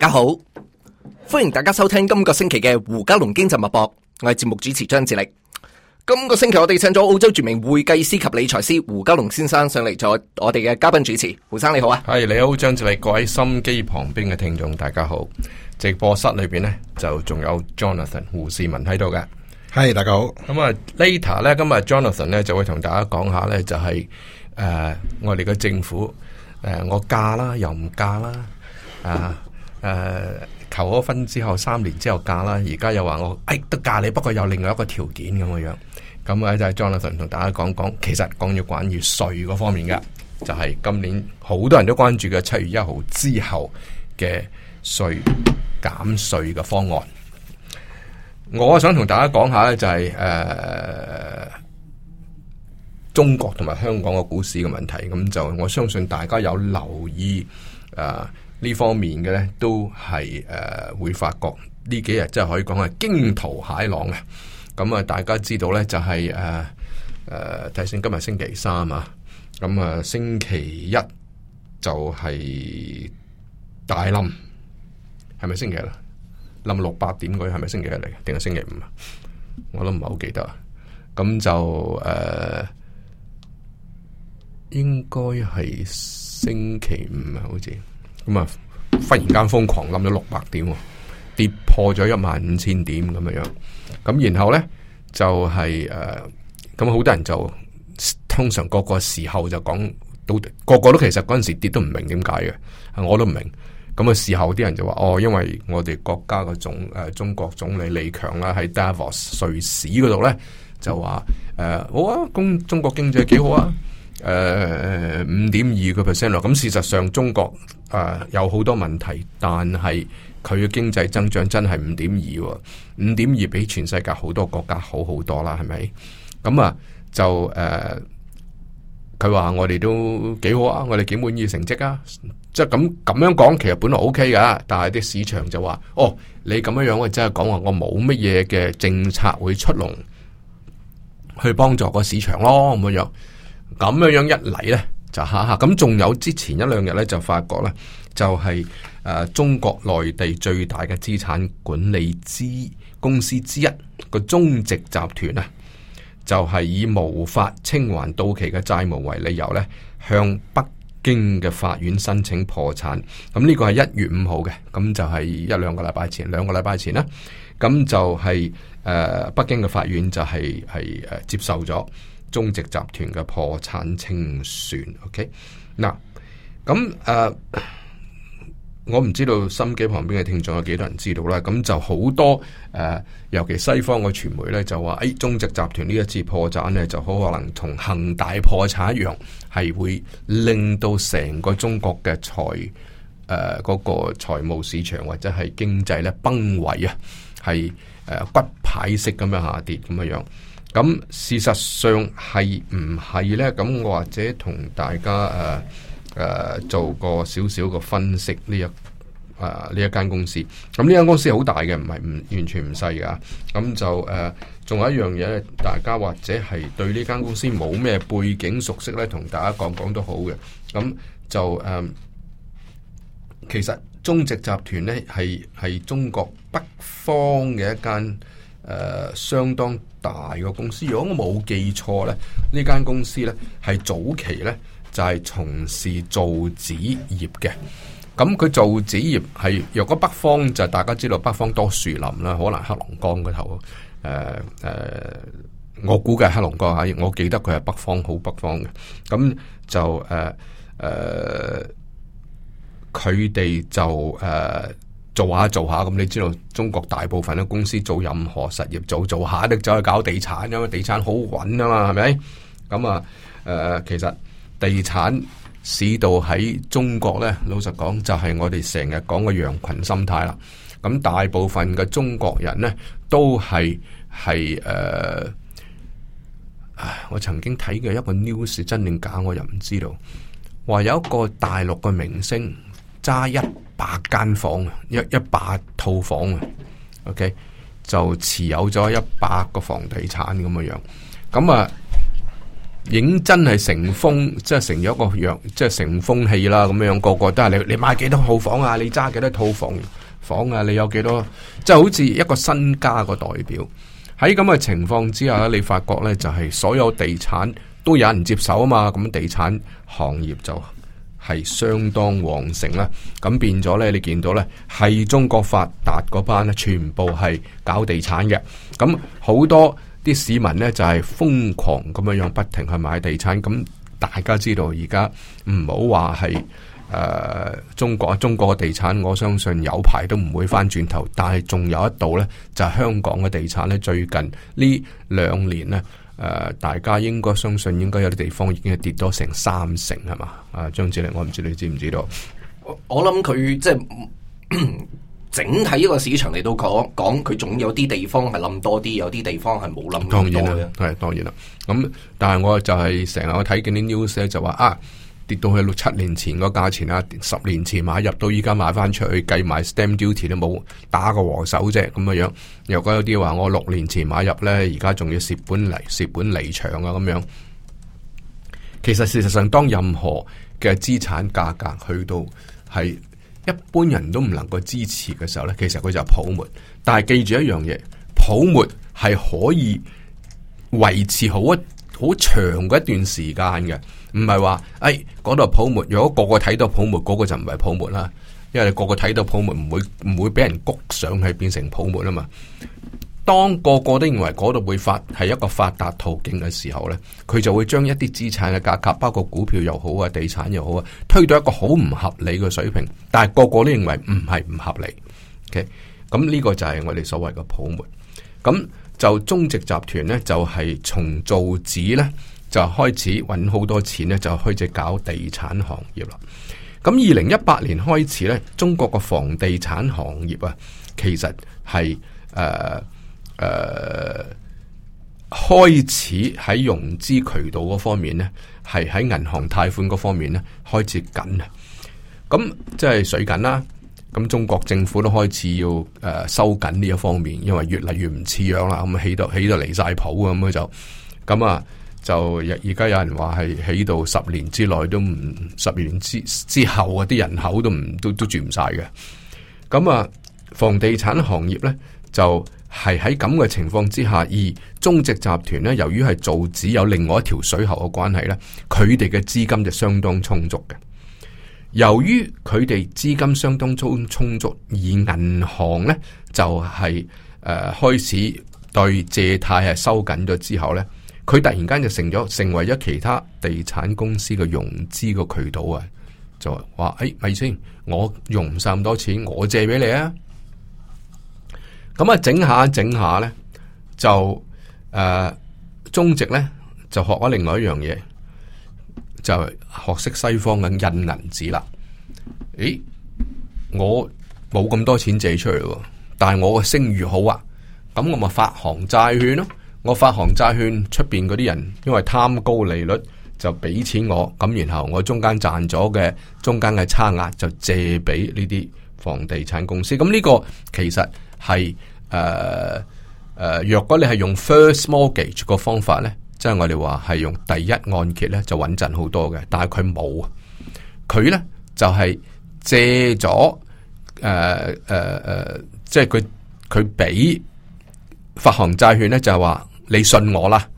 大家好，歡迎大家收聽今個星期嘅胡嘉龍經濟脈搏，我係節目主持張志力。今個星期我哋請咗澳洲著名會計師及理財師胡嘉龍先生上嚟做我哋嘅嘉賓主持。胡生你好啊，係、hey, 你好，張志力，各位心機旁邊嘅聽眾大家好，直播室裏邊呢，就仲有 Jonathan 胡善文喺度嘅，係、hey, 大家好。咁啊、uh,，Later 呢，今日 Jonathan 呢就會同大家講下呢，就係、是、誒、uh, 我哋嘅政府誒、uh, 我嫁啦又唔嫁啦啊。Uh, 誒，uh, 求咗婚之後三年之後嫁啦，而家又話我，哎，得嫁你，不過有另外一個條件咁嘅樣，咁啊就係 Jonathan 同大家講講，其實講住關於稅嗰方面嘅，就係、是、今年好多人都關注嘅七月一號之後嘅稅減稅嘅方案。我想同大家講下呢就係、是、誒、呃，中國同埋香港嘅股市嘅問題，咁就我相信大家有留意誒。呃呢方面嘅咧，都係誒、呃、會發覺呢幾日，真係可以講係驚濤駭浪嘅。咁、嗯、啊，大家知道咧就係誒誒，提、呃、醒、呃、今日星期三啊。咁、嗯、啊，星期一就係大冧，係咪星期日？啦？冧六八點佢日係咪星期日嚟？定係星期五啊？我都唔係好記得。咁就誒，應該係星期五啊，好似。咁啊，忽然間瘋狂冧咗六百點，跌破咗一萬五千點咁樣樣，咁然後呢，就係、是、誒，咁、呃、好多人就通常個個時候就講，都個個都其實嗰陣時跌都唔明點解嘅，我都唔明。咁啊，事後啲人就話哦，因為我哋國家嘅總誒、呃、中國總理李強啦喺 Davos 瑞士嗰度呢，就話誒、呃，好啊，中、嗯、中國經濟幾好啊。誒，五點二個 percent 咯。咁事實上，中國誒、uh, 有好多問題，但係佢嘅經濟增長真係五點二，五點二比全世界好多國家好好多啦，係咪？咁啊，就誒，佢、uh, 話我哋都幾好啊，我哋幾滿意成績啊。即係咁咁樣講，樣其實本來 O K 噶，但係啲市場就話，哦，你咁樣樣，我真係講話我冇乜嘢嘅政策會出籠去幫助個市場咯，咁樣。咁樣樣一嚟呢，就吓吓。咁仲有之前一兩日呢，就發覺呢，就係、是、誒、呃、中國內地最大嘅資產管理之公司之一個中植集團啊，就係、是、以無法清還到期嘅債務為理由呢，向北京嘅法院申請破產。咁呢個係一月五號嘅，咁就係一兩個禮拜前，兩個禮拜前啦。咁就係、是、誒、呃、北京嘅法院就係係誒接受咗。中植集團嘅破產清算，OK 嗱，咁誒、呃，我唔知道心機旁邊嘅聽眾有幾多人知道啦。咁就好多誒、呃，尤其西方嘅傳媒咧，就話誒、哎、中植集團呢一次破產咧，就好可能同恒大破產一樣，係會令到成個中國嘅財誒嗰個財務市場或者係經濟咧崩毀，啊，係誒、呃、骨牌式咁樣下跌咁樣樣。咁事實上係唔係呢？咁我或者同大家誒、啊、誒、啊、做個少少個分析呢一誒呢、啊、一間公司。咁呢間公司好大嘅，唔係唔完全唔細噶。咁就誒、啊，仲有一樣嘢咧，大家或者係對呢間公司冇咩背景熟悉呢，同大家講講都好嘅。咁就誒、啊，其實中植集團呢，係係中國北方嘅一間。誒、呃，相當大嘅公司。如果我冇記錯咧，呢間公司咧係早期咧就係、是、從事造紙業嘅。咁佢造紙業係若果北方就是、大家知道北方多樹林啦，可能黑龍江嗰頭。誒、呃、誒、呃，我估計黑龍江吓，我記得佢係北方好北方嘅。咁、嗯、就誒誒，佢、呃、哋、呃、就誒。呃做下做下咁，你知道中國大部分嘅公司做任何實業做做下，都走去搞地產，因為地產好穩啊嘛，係咪？咁啊，誒、呃，其實地產市道喺中國呢，老實講就係我哋成日講嘅羊群心態啦。咁大部分嘅中國人呢，都係係誒，我曾經睇過一個 news，真定假我又唔知道，話有一個大陸嘅明星揸一。百間房啊，一一百套房啊，OK，就持有咗一百個房地產咁嘅樣，咁啊認真係成風，即係成咗一個樣，即係成風氣啦咁樣，個個都係你，你買幾多套房啊？你揸幾多套房房啊？你有幾多？即係好似一個身家個代表。喺咁嘅情況之下咧，你發覺呢，就係所有地產都有人接手啊嘛，咁地產行業就。係相當旺盛啦，咁變咗呢，你見到呢，係中國發達嗰班咧，全部係搞地產嘅，咁好多啲市民呢，就係、是、瘋狂咁樣樣，不停去買地產。咁大家知道而家唔好話係誒中國，中國嘅地產，我相信有排都唔會翻轉頭，但係仲有一度呢，就係、香港嘅地產呢最近呢兩年呢。誒、呃，大家應該相信，應該有啲地方已經係跌多成三成係嘛？啊，張志玲，我唔知你知唔知道？我我諗佢即係整體一個市場嚟到講講，佢總有啲地方係冧多啲，有啲地方係冇冧多，多啲。當然啦，係當然啦。咁但係我就係成日我睇見啲 news 就話啊。跌到去六七年前個價錢啊，十年前買入到依家賣翻出去，計埋 stamp duty 都冇打個和手啫咁嘅樣。如果有啲話我六年前買入呢，而家仲要蝕本嚟蝕本離場啊咁樣。其實事實上，當任何嘅資產價格去到係一般人都唔能夠支持嘅時候呢，其實佢就泡沫。但係記住一樣嘢，泡沫係可以維持好一好長嘅一段時間嘅。唔係話，誒，嗰度泡沫，如果個個睇到泡沫，嗰個就唔係泡沫啦。因為你個個睇到泡沫，唔會唔會俾人谷上去變成泡沫啦嘛。當個個都認為嗰度會發係一個發達途徑嘅時候呢，佢就會將一啲資產嘅價格，包括股票又好啊，地產又好啊，推到一個好唔合理嘅水平。但係個個都認為唔係唔合理。咁，okay? 呢個就係我哋所謂嘅泡沫。咁就中植集團呢，就係重造紙呢，就開始揾好多錢咧，就開始搞地產行業啦。咁二零一八年開始呢，中國個房地產行業啊，其實係誒誒開始喺融資渠道嗰方面呢，係喺銀行貸款嗰方面呢開始緊啊。咁即係水緊啦。咁中國政府都開始要誒收緊呢一方面，因為越嚟越唔似樣啦，咁起到起到離晒譜咁樣就咁啊。就而家有人話係起到十年之內都唔，十年之之後啲、啊、人口都唔都都住唔晒嘅。咁啊，房地產行業呢就係喺咁嘅情況之下，而中植集團呢，由於係造紙有另外一條水喉嘅關係呢，佢哋嘅資金就相當充足嘅。由於佢哋資金相當充充足，而銀行呢就係、是、誒、呃、開始對借貸係收緊咗之後呢。佢突然間就成咗成為咗其他地產公司嘅融資嘅渠道啊，就話誒，咪、欸、先，我用唔晒咁多錢，我借俾你啊。咁啊，整下整下咧，就誒、呃，中植咧就學咗另外一樣嘢，就係、學識西方嘅印銀紙啦。誒、欸，我冇咁多錢借出嚟，但係我嘅聲譽好啊，咁我咪發行債券咯。我發行債券出邊嗰啲人，因為貪高利率就俾錢我，咁然後我中間賺咗嘅中間嘅差額就借俾呢啲房地產公司。咁呢個其實係誒誒，若果你係用 first mortgage 個方法咧，即係我哋話係用第一按揭咧，就穩陣好多嘅。但係佢冇，佢咧就係借咗誒誒誒，即係佢佢俾發行債券咧就係話。你信我啦，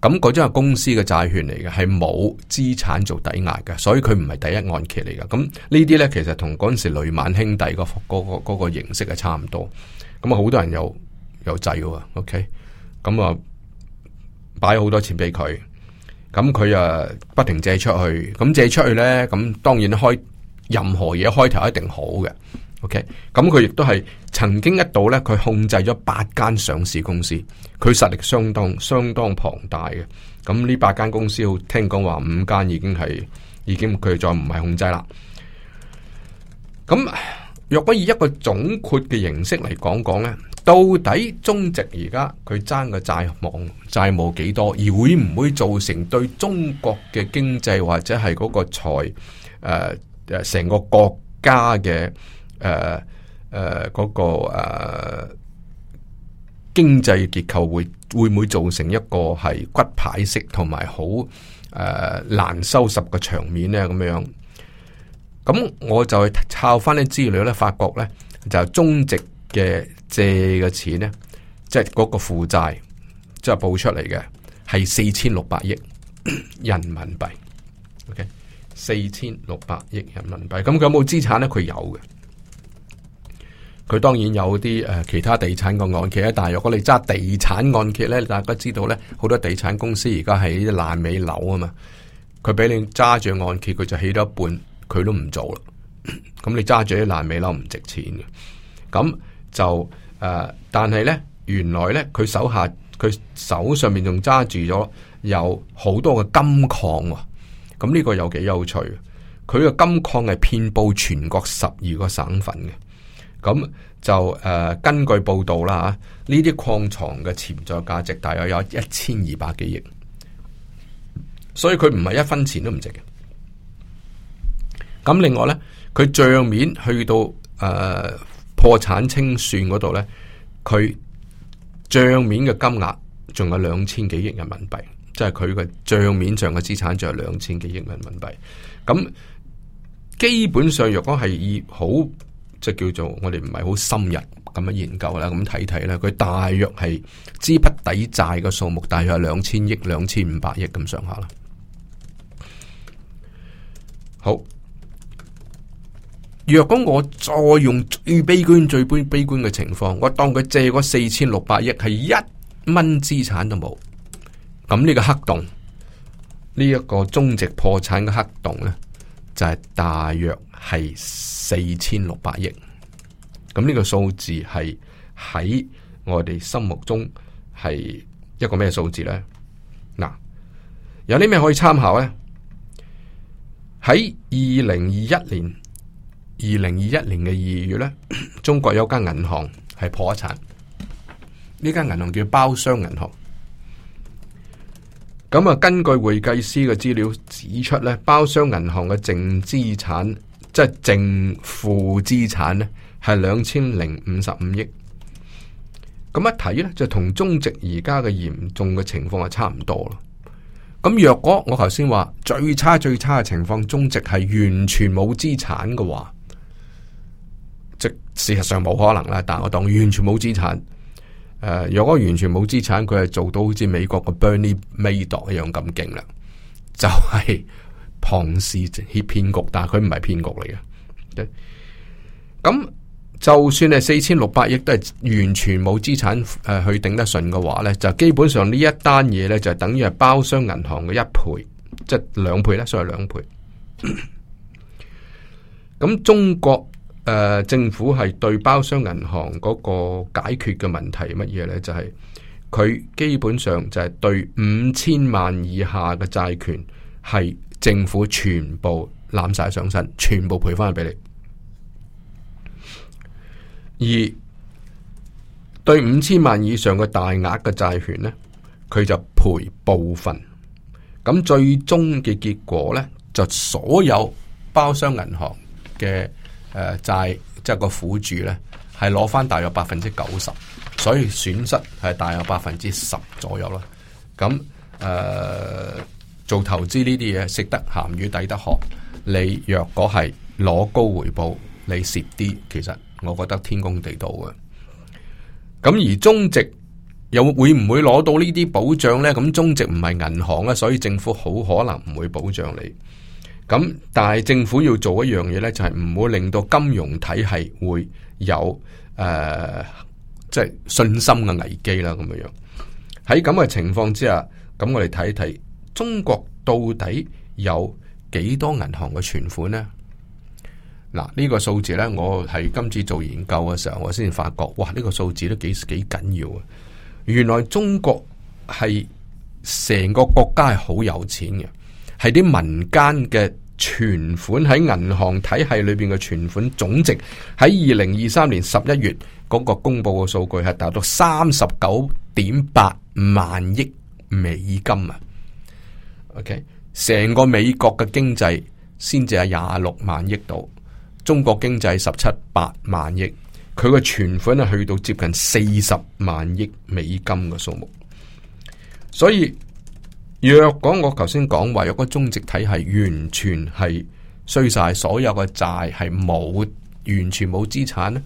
咁嗰張係公司嘅債券嚟嘅，係冇資產做抵押嘅，所以佢唔係第一按揭嚟嘅。咁呢啲呢，其實同嗰陣時雷曼兄弟嗰個嗰個嗰個形式係差唔多。咁啊，好多人有又制喎，OK？咁啊，擺好多錢俾佢，咁佢啊不停借出去，咁借出去呢，咁當然開任何嘢開頭一定好嘅。OK，咁佢亦都係曾經一度呢，佢控制咗八間上市公司，佢實力相當相當龐大嘅。咁呢八間公司，聽講話五間已經係已經佢再唔係控制啦。咁若果以一個總括嘅形式嚟講講呢，到底中植而家佢爭嘅債網債務幾多，而會唔會造成對中國嘅經濟或者係嗰個財誒誒成個國家嘅？誒誒，嗰、uh, uh, 那個誒、uh, 經濟結構會會唔會造成一個係骨牌式，同埋好誒難收拾嘅場面咧？咁樣咁，我就去抄翻啲資料咧，發覺咧就係、中植嘅借嘅錢咧，即係嗰個負債即係報出嚟嘅係四千六百億人民幣。OK，四千六百億人民幣。咁佢有冇資產咧？佢有嘅。佢當然有啲誒、呃、其他地產個按揭，但係如果你揸地產按揭咧，大家知道咧，好多地產公司而家喺啲爛尾樓啊嘛，佢俾你揸住按揭，佢就起咗一半，佢都唔做啦。咁你揸住啲爛尾樓唔值錢嘅，咁就誒、呃，但係咧，原來咧，佢手下佢手上面仲揸住咗有好多嘅金礦喎，咁呢個又幾有趣。佢嘅金礦係遍佈全國十二個省份嘅。咁就誒、呃，根據報道啦吓，呢啲礦藏嘅潛在價值大約有一千二百幾億，所以佢唔係一分錢都唔值嘅。咁另外呢，佢賬面去到誒、呃、破產清算嗰度呢，佢賬面嘅金額仲有兩千幾億人民幣，即係佢嘅賬面上嘅資產仲有兩千幾億人民幣。咁基本上若果係以好即叫做我哋唔係好深入咁樣研究啦，咁睇睇啦，佢大約係資不抵債嘅數目，大約係兩千億、兩千五百億咁上下啦。好，若果我再用最悲觀、最悲觀嘅情況，我當佢借嗰四千六百億係一蚊資產都冇，咁呢個黑洞，呢、這、一個中植破產嘅黑洞咧，就係、是、大約。係四千六百億，咁呢個數字係喺我哋心目中係一個咩數字呢？嗱，有啲咩可以參考呢？喺二零二一年，二零二一年嘅二月呢，中國有間銀行係破產，呢間銀行叫包商銀行。咁啊，根據會計師嘅資料指出呢，包商銀行嘅淨資產。即係淨負資產咧，係兩千零五十五億。咁一睇咧，就同中值而家嘅嚴重嘅情況係差唔多咯。咁、嗯、若果我頭先話最差最差嘅情況，中值係完全冇資產嘅話，即事實上冇可能啦。但我當完全冇資產，誒、呃，若果完全冇資產，佢係做到好似美國嘅 Bernie Madoff 一樣咁勁啦，就係、是。龐氏式騙局，但係佢唔係騙局嚟嘅。咁就,就算係四千六百億都係完全冇資產、呃、去頂得順嘅話呢就基本上呢一單嘢呢，就等於係包商銀行嘅一倍，即係兩倍咧，所謂兩倍。咁 中國誒、呃、政府係對包商銀行嗰個解決嘅問題乜嘢呢？就係、是、佢基本上就係對五千萬以下嘅債權係。政府全部攬晒上身，全部賠翻去俾你。而對五千萬以上嘅大額嘅債券呢，佢就賠部分。咁最終嘅結果呢，就所有包商銀行嘅誒債即係個苦主呢係攞翻大約百分之九十，所以損失係大約百分之十左右啦。咁誒。呃做投資呢啲嘢，食得鹹魚抵得渴。你若果係攞高回報，你蝕啲，其實我覺得天公地道嘅。咁而中植又會唔會攞到呢啲保障呢？咁中植唔係銀行啊，所以政府好可能唔會保障你。咁但係政府要做一樣嘢呢，就係唔會令到金融體系會有誒，即、呃、係、就係、信心嘅危機啦。咁樣樣喺咁嘅情況之下，咁我哋睇一睇。中國到底有幾多銀行嘅存款呢？嗱，呢個數字呢，我喺今次做研究嘅時候，我先至發覺，哇！呢個數字都幾幾緊要啊。原來中國係成個國家係好有錢嘅，係啲民間嘅存款喺銀行體系裏邊嘅存款總值喺二零二三年十一月嗰個公佈嘅數據係達到三十九點八萬億美金啊。OK，成個美國嘅經濟先至係廿六萬億度，中國經濟十七八萬億，佢個存款咧去到接近四十萬億美金嘅數目，所以若講我頭先講話有個中值體係完全係衰晒，所有嘅債係冇，完全冇資產咧，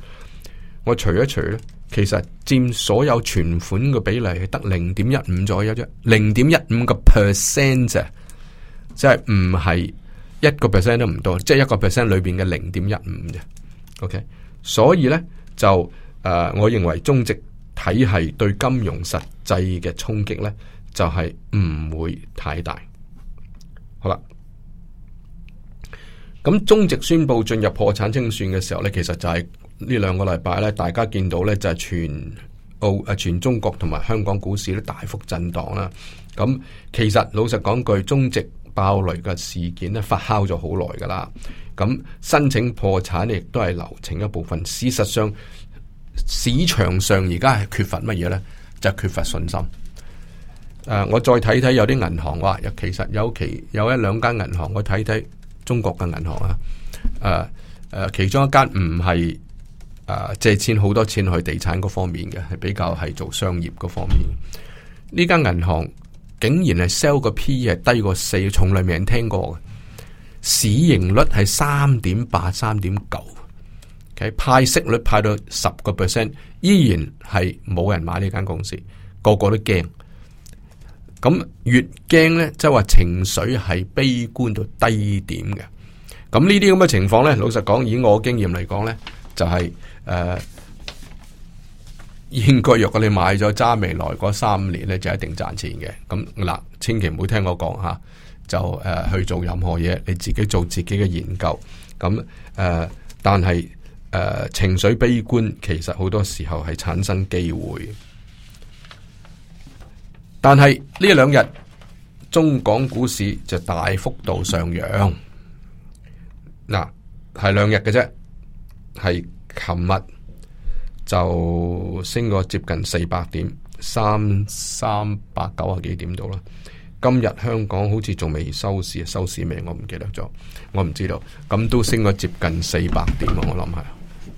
我除一除咧。其實占所有存款嘅比例係得零點一五左右啫，零點一五個 percent 啫，即係唔係一個 percent 都唔多，即係一個 percent 裡邊嘅零點一五啫。OK，所以咧就誒、呃，我認為中植體係對金融實際嘅衝擊咧，就係、是、唔會太大。好啦，咁中植宣布進入破產清算嘅時候咧，其實就係、是。兩禮呢兩個禮拜咧，大家見到咧就係、是、全澳啊、全中國同埋香港股市都大幅震盪啦。咁、嗯、其實老實講句，中植爆雷嘅事件咧發酵咗好耐噶啦。咁、嗯、申請破產亦都係流程一部分。事實上，市場上而家係缺乏乜嘢呢？就係、缺乏信心。誒、呃，我再睇睇有啲銀行話，其實有其有一兩間銀行，我睇睇中國嘅銀行啊。誒、呃、誒、呃，其中一間唔係。啊、借錢好多錢去地產嗰方面嘅，係比較係做商業嗰方面。呢間銀行竟然係 sell 個 P E 係低過四，從來未人聽過嘅市盈率係三點八、三點九。佢派息率派到十個 percent，依然係冇人買呢間公司，個個都驚。咁越驚呢，即係話情緒係悲觀到低點嘅。咁呢啲咁嘅情況呢，老實講，以我經驗嚟講呢，就係、是。誒，uh, 應該如果你買咗揸未來嗰三年呢，就一定賺錢嘅。咁嗱，千祈唔好聽我講吓、啊，就誒、啊、去做任何嘢，你自己做自己嘅研究。咁誒、啊，但係誒、啊、情緒悲觀，其實好多時候係產生機會。但係呢兩日中港股市就大幅度上揚，嗱係兩日嘅啫，係。琴日就升過接近四百點，三三百九十幾點度啦。今日香港好似仲未收市，收市未我唔記得咗，我唔知道。咁都升過接近四百點啊！我諗係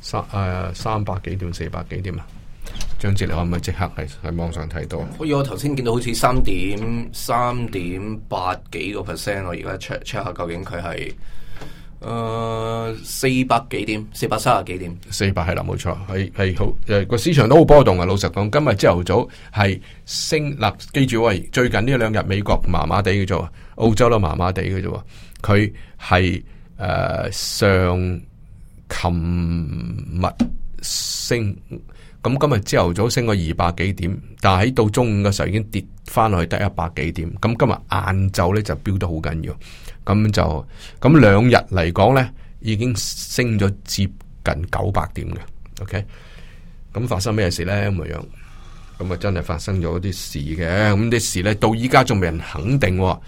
三誒三百幾點四百幾點啊？張志力可唔可以即刻喺喺網上睇到、啊？可以，我頭先見到好似三點三點八幾個 percent 我而家 check check 下究竟佢係。誒、呃，四百幾點？四百三十幾點？四百係啦，冇錯，係係好誒，個市場都好波動啊！老實講，今日朝頭早係升，嗱、啊，記住喂，最近呢兩日美國麻麻地嘅啫，澳洲都麻麻地嘅啫，佢係誒上琴物升，咁、嗯、今日朝頭早升咗二百幾點，但係喺到中午嘅時候已經跌翻落去得一百幾點，咁、嗯、今日晏晝咧就飆得好緊要。咁就咁兩日嚟講呢，已經升咗接近九百點嘅，OK？咁發生咩事呢咁樣？咁啊真係發生咗啲事嘅，咁啲事呢，到依家仲未人肯定，哦，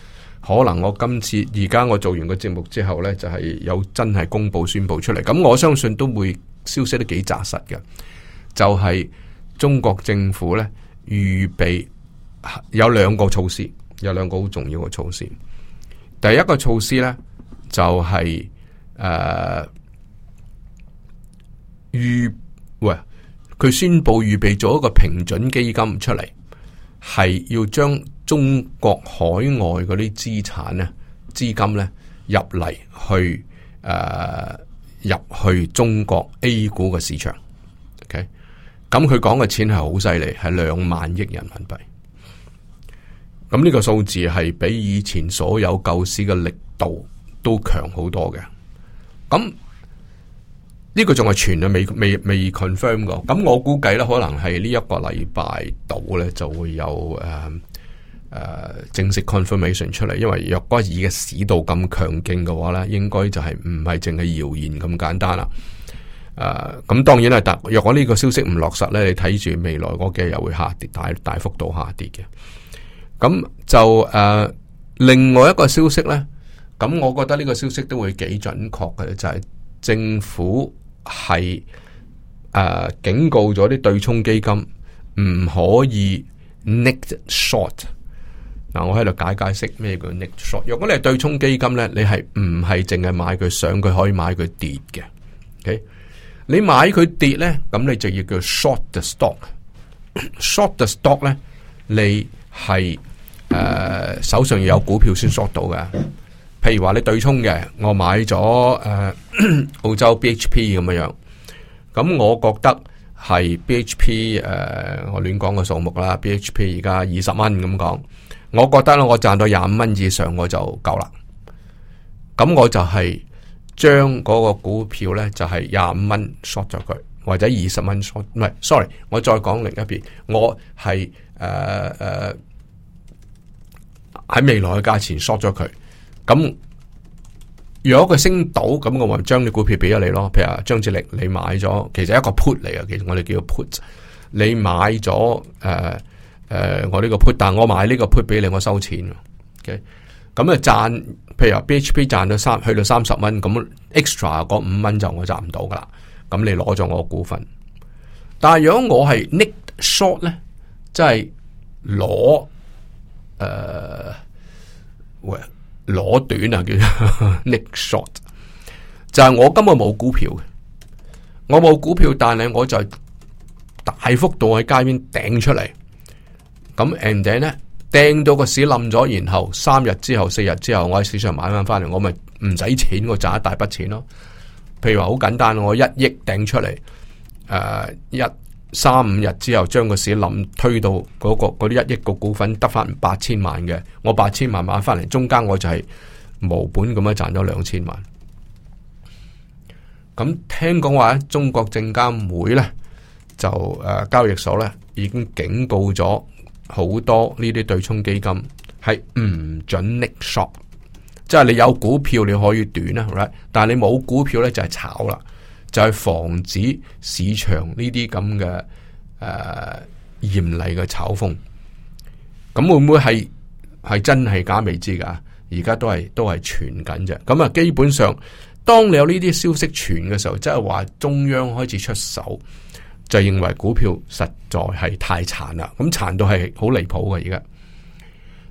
可能我今次而家我做完個節目之後呢，就係、是、有真係公布宣布出嚟。咁我相信都會消息都幾紮實嘅，就係、是、中國政府呢，預備有兩個措施，有兩個好重要嘅措施。第一個措施呢，就係、是、誒、呃、預喂，佢宣布預備咗一個平準基金出嚟，係要將中國海外嗰啲資產呢、資金呢入嚟去誒、呃、入去中國 A 股嘅市場。OK，咁佢講嘅錢係好犀利，係兩萬億人民幣。咁呢個數字係比以前所有救市嘅力度都強好多嘅。咁呢、這個仲係全啊，未未 confirm 過。咁我估計呢，可能係呢一個禮拜到呢，就會有誒誒、呃呃、正式 confirmation 出嚟。因為若果以嘅市道咁強勁嘅話呢，應該就係唔係淨係謠言咁簡單啦。誒、呃，咁當然係，但若果呢個消息唔落實呢，你睇住未來幾日又會下跌，大大幅度下跌嘅。咁就誒，另外一個消息咧，咁我覺得呢個消息都會幾準確嘅，就係政府係誒警告咗啲對沖基金唔可以 nick short。嗱，我喺度解解釋咩叫 nick short。如果你係對沖基金咧，你係唔係淨係買佢上，佢可以買佢跌嘅。OK，你買佢跌咧，咁你就要叫 short the stock。Short the stock 咧，你。係誒、呃，手上要有股票先 short 到㗎。譬如話你對沖嘅，我買咗誒、呃、澳洲 BHP 咁樣樣。咁我覺得係 BHP 誒、呃，我亂講個數目啦。BHP 而家二十蚊咁講，我覺得咧我賺到廿五蚊以上我就夠啦。咁我就係將嗰個股票咧就係廿五蚊 short 咗佢。或者二十蚊 sorry 我再講另一邊，我係誒誒喺未來嘅價錢縮咗佢。咁如果佢升到咁，我話將你股票俾咗你咯。譬如話張智力，你買咗其實一個 put 嚟啊，其實我哋叫 put。你買咗誒誒，我呢個 put，但我買呢個 put 俾你，我收錢。ok，咁啊賺，譬如話 BHP 賺到三去到三十蚊，咁 extra 嗰五蚊就我賺唔到噶啦。咁、嗯、你攞咗我股份，但係如果我係 nick short 咧，即係攞誒，攞、呃、短啊叫 nick short，就係我根本冇股票嘅，我冇股票，但係我就大幅度喺街邊掟出嚟，咁 and then 咧掟到個市冧咗，然後三日之後、四日之後，我喺市場買翻翻嚟，我咪唔使錢，我賺一大筆錢咯。譬如話好簡單，我一億掟出嚟，誒一三五日之後，將個市冧推到嗰、嗰個啲一億個股份得返八千萬嘅，我八千萬買返嚟，中間我就係無本咁樣賺咗兩千萬。咁聽講話中國證監會咧就誒、啊、交易所咧已經警告咗好多呢啲對沖基金係唔準 naked short。即係你有股票你可以短啦，right? 但係你冇股票咧，就係炒啦，就係、是就是、防止市場呢啲咁嘅誒嚴厲嘅炒風。咁、呃嗯、會唔會係係真係假未知噶？而家都係都係傳緊啫。咁、嗯、啊，基本上當你有呢啲消息傳嘅時候，即係話中央開始出手，就認為股票實在係太殘啦。咁殘到係好離譜嘅，而家。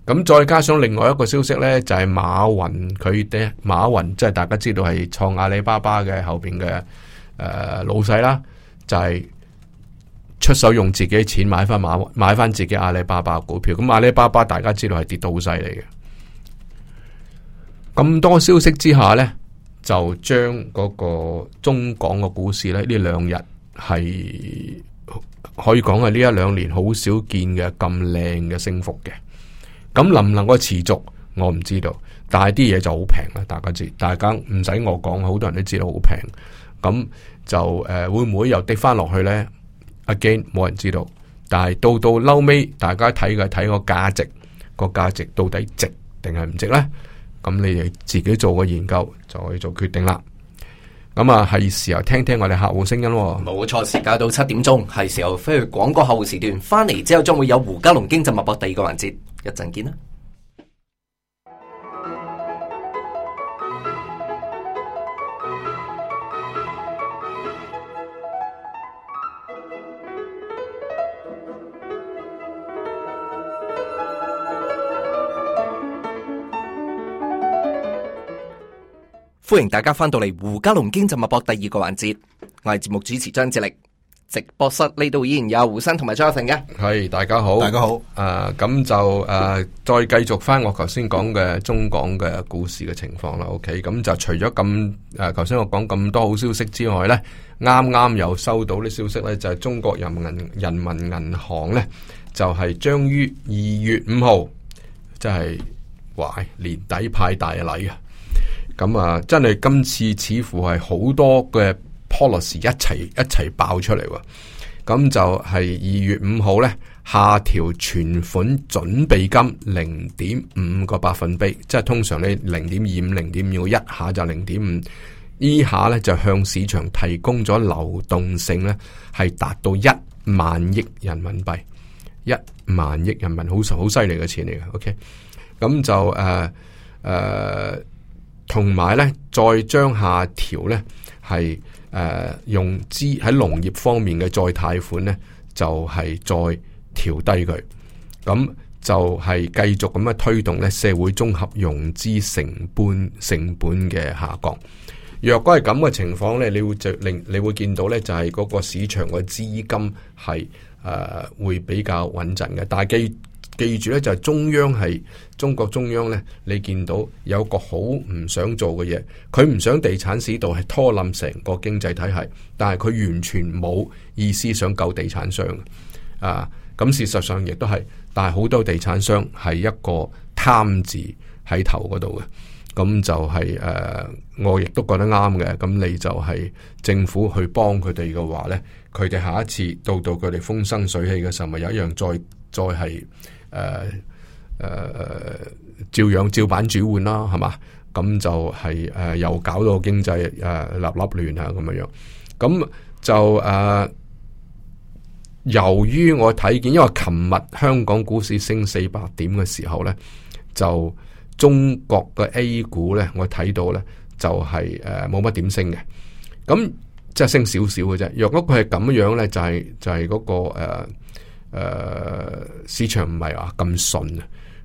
咁再加上另外一個消息呢，就係馬雲佢嘅馬雲，即係大家知道係創阿里巴巴嘅後邊嘅誒老細啦，就係出手用自己錢買翻馬買翻自己阿里巴巴股票。咁阿里巴巴大家知道係跌到好犀利嘅。咁多消息之下呢，就將嗰個中港嘅股市呢，呢兩日係可以講係呢一兩年好少見嘅咁靚嘅升幅嘅。咁能唔能夠持續，我唔知道。但係啲嘢就好平啦，大家知，大家唔使我講，好多人都知道好平。咁就誒、呃，會唔會又跌翻落去呢？Again，冇人知道。但係到到嬲尾，大家睇嘅睇個價值，個價值到底值定係唔值呢？咁你哋自己做個研究，就可以做決定啦。咁啊，係時候聽聽我哋客戶聲音。冇錯，時間到七點鐘，係時候飛去廣告客戶時段。翻嚟之後，將會有胡嘉龍經濟脈搏第二個環節。一陣見啦！歡迎大家翻到嚟胡嘉龍經濟脈搏第二個環節，我係節目主持張智力。直播室呢度依然有胡生同埋張亞成嘅。係、hey, 大家好，大家好，誒咁、啊、就誒、啊、再繼續翻我頭先講嘅中港嘅股市嘅情況啦，OK，咁就除咗咁誒頭先我講咁多好消息之外呢，啱啱又收到啲消息呢，就係、是、中國人民人民銀行呢，就係、是、將於二月五號即係話年底派大禮啊，咁啊真係今次似乎係好多嘅。policy 一齊一齊爆出嚟，咁就係二月五號呢，下調存款準備金零點五個百分比，即係通常呢，零點二五零點五一下就零點五，呢下呢就向市場提供咗流動性呢係達到一萬億人民幣，一萬億人民好好犀利嘅錢嚟嘅，OK，咁就誒誒，同、呃、埋、呃、呢，再將下調呢係。誒融、啊、資喺農業方面嘅再貸款呢，就係、是、再調低佢，咁就係繼續咁樣推動呢社會綜合融資成本成本嘅下降。若果係咁嘅情況呢，你會就令你會見到呢，就係、是、嗰個市場嘅資金係誒、啊、會比較穩陣嘅，但係基。記住咧，就係、是、中央係中國中央呢，你見到有個好唔想做嘅嘢，佢唔想地產市道係拖冧成個經濟體系，但係佢完全冇意思想救地產商啊！咁、啊、事實上亦都係，但係好多地產商係一個貪字喺頭嗰度嘅，咁就係、是、誒、啊，我亦都覺得啱嘅。咁你就係政府去幫佢哋嘅話呢，佢哋下一次到到佢哋風生水起嘅時候，咪有一樣再再係。誒誒、啊啊、照樣照板煮碗啦，係嘛？咁就係、是、誒、啊，又搞到經濟誒，立立亂啊，咁樣、啊、樣。咁就誒，由於我睇見，因為琴日香港股市升四百點嘅時候咧，就中國嘅 A 股咧，我睇到咧就係、是、誒，冇、啊、乜點升嘅。咁、啊、即係升少少嘅啫。若果佢係咁樣咧，就係、是、就係、是、嗰、那個誒。啊。誒，uh, 市場唔係話咁順，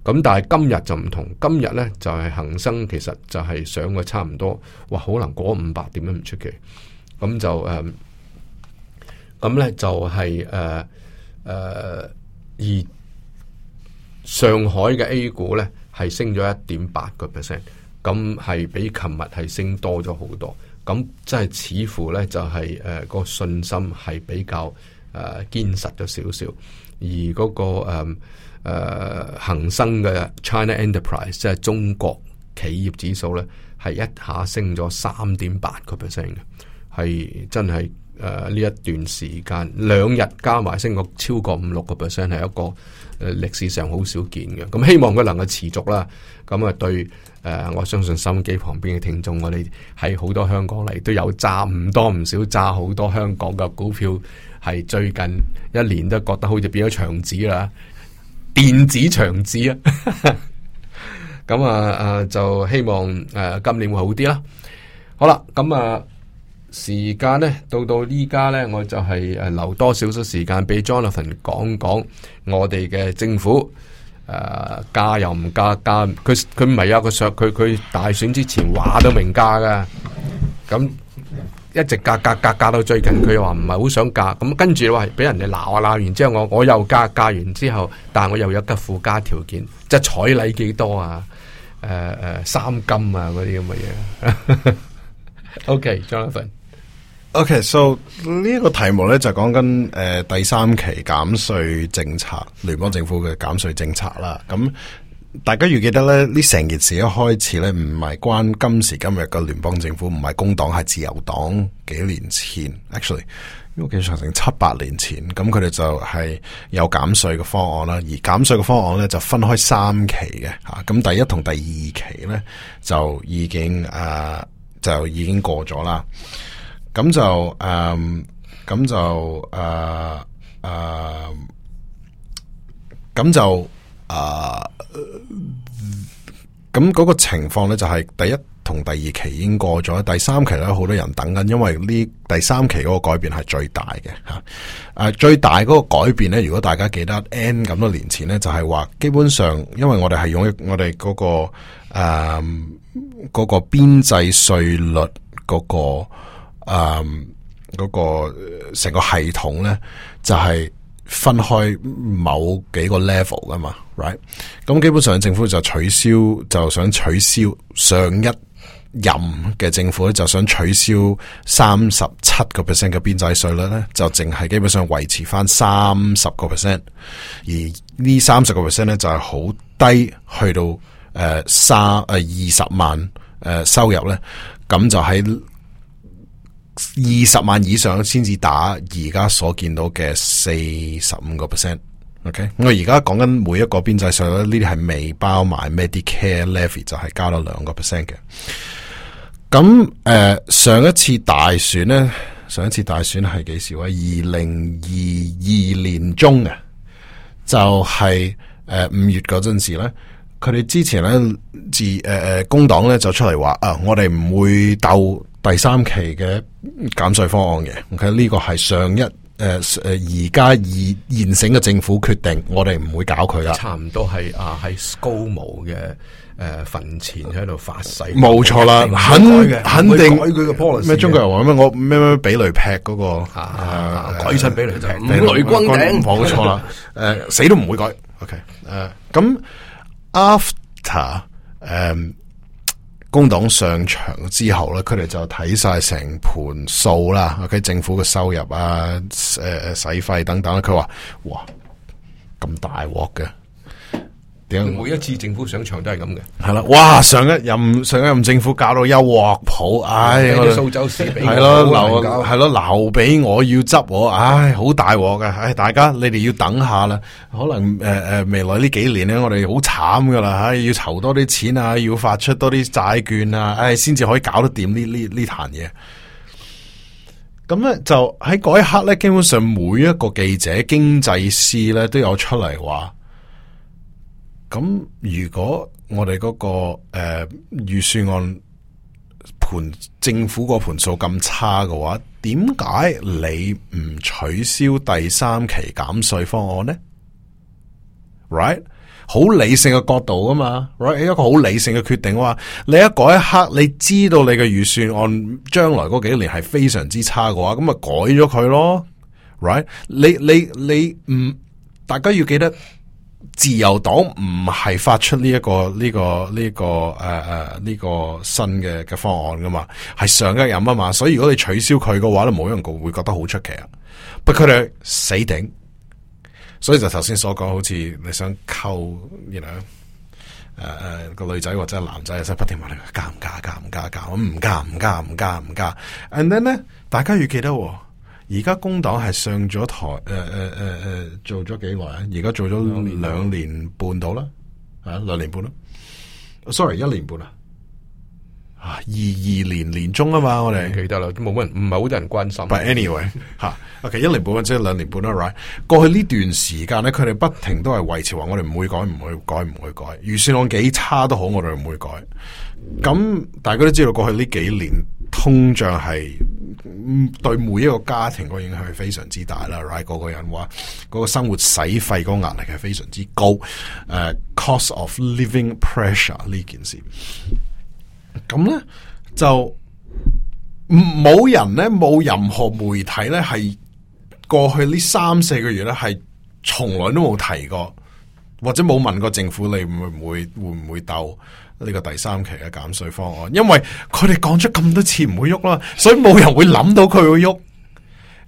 咁、啊、但係今日就唔同，今日呢，就係、是、恒生其實就係上個差唔多，哇，可能過五百點都唔出奇，咁就誒，咁、uh, 呢就係誒誒，uh, uh, 而上海嘅 A 股呢，係升咗一點八個 percent，咁係比琴日係升多咗好多，咁真係似乎呢、就是，就係誒個信心係比較。誒，堅實咗少少，而嗰、那個誒誒恒生嘅 China Enterprise 即係中國企業指數咧，係一下升咗三點八個 percent 嘅，係真係。誒，呢、呃、一段時間兩日加埋升過超過五六個 percent，係一個誒歷、呃、史上好少見嘅。咁、嗯、希望佢能夠持續啦。咁啊，對、呃、誒，我相信收音機旁邊嘅聽眾，我哋喺好多香港嚟都有揸唔多唔少揸好多香港嘅股票，係最近一年都覺得好似變咗牆紙啦，電子牆紙啊。咁啊啊，就希望誒、呃、今年會好啲啦。好啦，咁、嗯、啊。呃時間咧到到依家咧，我就係誒留多少少時間俾 Jonathan 講講我哋嘅政府誒加、呃、又唔加加，佢佢唔係有個想佢佢大選之前話都明加噶，咁一直加加加加到最近，佢又話唔係好想加，咁跟住話俾人哋鬧鬧完之後，我我又加加完之後，但係我又有個附加條件，即係彩禮幾多啊？誒、啊、誒、啊、三金啊嗰啲咁嘅嘢。OK，Jonathan。 okay, OK，so、okay, 呢一個題目呢就講緊誒第三期減稅政策，聯邦政府嘅減稅政策啦。咁、嗯、大家要記得呢，呢成件事一開始呢，唔係關今時今日嘅聯邦政府，唔係工黨係自由黨幾年前，actually 因為其實成七八年前，咁佢哋就係有減稅嘅方案啦，而減稅嘅方案呢，就分開三期嘅吓。咁、啊嗯、第一同第二期呢，就已經誒、呃、就已經過咗啦。咁就，咁就、嗯，誒、嗯、誒，咁、嗯、就，誒、嗯，咁嗰個情況咧就係第一同第二期已經過咗，第三期咧好多人等緊，因為呢第三期嗰個改變係最大嘅吓。誒，最大嗰個改變咧，如果大家記得 N 咁多年前咧，就係、是、話基本上，因為我哋係用我哋嗰個誒嗰個邊際稅率嗰個。嗯那個誒、嗰、um, 個成個系統咧，就係、是、分開某幾個 level 噶嘛，right？咁基本上政府就取消，就想取消上一任嘅政府咧，就想取消三十七個 percent 嘅邊際稅率咧，就淨係基本上維持返三十個 percent，而呢三十個 percent 咧就係、是、好低，去到誒、呃、三誒二十萬誒、呃、收入咧，咁就喺。二十萬以上先至打而家所見到嘅四十五個 percent，OK。Okay? 我而家講緊每一個邊際上咧，呢啲係未包埋 Medicare levy 就係加咗兩個 percent 嘅。咁誒、呃，上一次大選呢？上一次大選係幾時啊？二零二二年中啊，就係誒五月嗰陣時呢。佢哋、啊就是呃、之前呢，自誒誒、呃、工黨呢就出嚟話啊，我哋唔會鬥。第三期嘅減稅方案嘅，佢呢個係上一誒誒而家現現成嘅政府決定，我哋唔會搞佢啦。差唔多係啊，喺高帽嘅誒墳前喺度發誓，冇錯啦，肯肯定佢嘅 policy。咩中國人話咩？我咩咩俾雷劈嗰個鬼親俾雷劈，五雷轟頂，冇錯啦。誒，死都唔會改。OK，誒，咁 after，嗯。工黨上場之後咧，佢哋就睇晒成盤數啦，佢、OK？政府嘅收入啊，誒、呃、使費等等啦，佢話：哇，咁大鑊嘅！每一次政府上場都係咁嘅，係啦，哇！上一任上一任政府搞到一鑊泡，唉、哎，啲蘇州屎俾我，係咯，係咯 的，留俾我要執，要我唉，好大鑊嘅，唉、哎，大家你哋要等下啦，可能誒誒、呃，未來呢幾年咧，我哋好慘噶啦唉，要籌多啲錢啊，要發出多啲債券啊，唉、哎，先至可以搞得掂呢呢呢壇嘢。咁咧就喺嗰一刻咧，基本上每一個記者、經濟師咧都有出嚟話。咁如果我哋嗰、那個誒預、呃、算案盤政府個盤數咁差嘅話，點解你唔取消第三期減稅方案呢？r i g h t 好理性嘅角度啊嘛，right 一個好理性嘅決定啊嘛。你一改一刻，你知道你嘅預算案將來嗰幾年係非常之差嘅話，咁咪改咗佢咯。Right，你你你唔、嗯，大家要記得。自由黨唔係發出呢、呢、一個呢、呢個呢、呢個誒誒呢個新嘅嘅方案噶嘛，係上一任啊嘛，所以如果你取消佢嘅話咧，冇人會會覺得好出奇啊！不過佢哋死頂，所以就頭先所講，好似你想溝，你諗誒誒個女仔或者男仔，又想不停話你加唔加加唔加加唔加唔加唔加唔加，加，加，加，加，加，加，加，and then 咧，大家要記得喎、哦。而家工黨係上咗台誒誒誒誒，做咗幾耐啊？而家做咗兩年半到啦，啊兩年半咯，sorry 一年半啊，啊二二年年中啊嘛，我哋記得啦，都冇乜人，唔係好多人關心。但係 But anyway 吓，OK，一年半或者兩年半啦，right？過去呢段時間咧，佢哋不停都係維持話，我哋唔會改，唔會改，唔會改。預算案幾差都好，我哋唔會改。咁大家都知道過去呢幾年。通脹係對每一個家庭個影響係非常之大啦，right？個 個人話嗰個生活使費嗰個壓力係非常之高，誒、uh，cost of living pressure 呢件事，咁咧、 嗯、就冇人咧冇任何媒體咧係過去呢三四個月咧係從來都冇提過，或者冇問過政府你會唔會會唔會斗？呢個第三期嘅減稅方案，因為佢哋講咗咁多次唔會喐啦，所以冇人會諗到佢會喐。